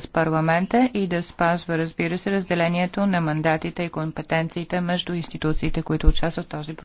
с парламента и да спазва, разбира се, разделението на мандатите и компетенциите между институциите, които участват в този процес.